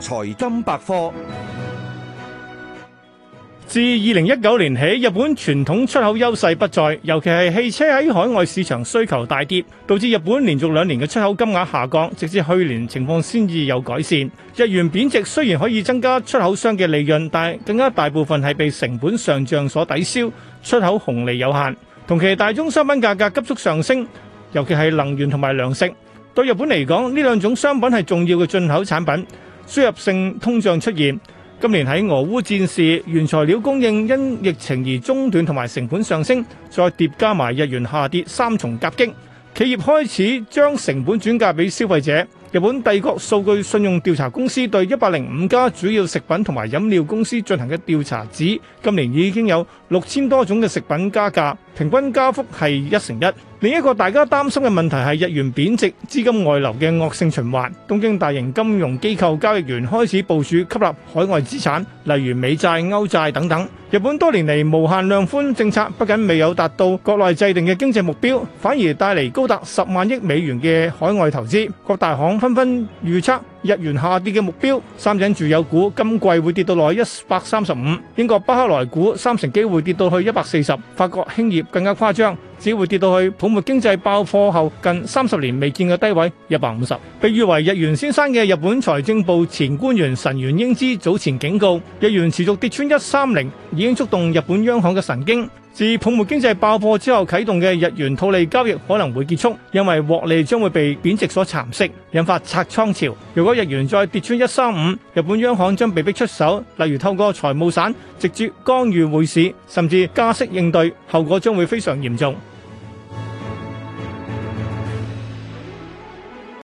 財金百科。自二零一九年起，日本傳統出口優勢不再，尤其係汽車喺海外市場需求大跌，導致日本連續兩年嘅出口金額下降，直至去年情況先至有改善。日元貶值雖然可以增加出口商嘅利潤，但係更加大部分係被成本上漲所抵消，出口紅利有限。同期大宗商品價格急速上升，尤其係能源同埋糧食，對日本嚟講呢兩種商品係重要嘅進口產品。輸入性通脹出現，今年喺俄烏戰事、原材料供應因疫情而中斷同埋成本上升，再疊加埋日元下跌三重夾擊，企業開始將成本轉嫁畀消費者。日本帝國數據信用調查公司對一百零五家主要食品同埋飲料公司進行嘅調查指，今年已經有六千多種嘅食品加價，平均加幅係一成一。另一個大家擔心嘅問題係日元貶值、資金外流嘅惡性循環。東京大型金融機構交易員開始部署吸納海外資產，例如美債、歐債等等。日本多年嚟無限量寬政策不僅未有達到國內制定嘅經濟目標，反而帶嚟高達十萬億美元嘅海外投資。各大行紛紛預測日元下跌嘅目標：三井住友股今季會跌到落一百三十五，英國巴克萊股三成機會跌到去一百四十，法國興業更加誇張。只會跌到去泡沫經濟爆破後近三十年未見嘅低位一百五十。被譽為日元先生嘅日本財政部前官員榊原英資早前警告，日元持續跌穿一三零已經觸動日本央行嘅神經。自泡沫經濟爆破之後啟動嘅日元套利交易可能會結束，因為獲利將會被貶值所蠶食，引發拆倉潮。如果日元再跌穿一三五，日本央行將被迫出手，例如透過財務省直接干預匯市，甚至加息應對，後果將會非常嚴重。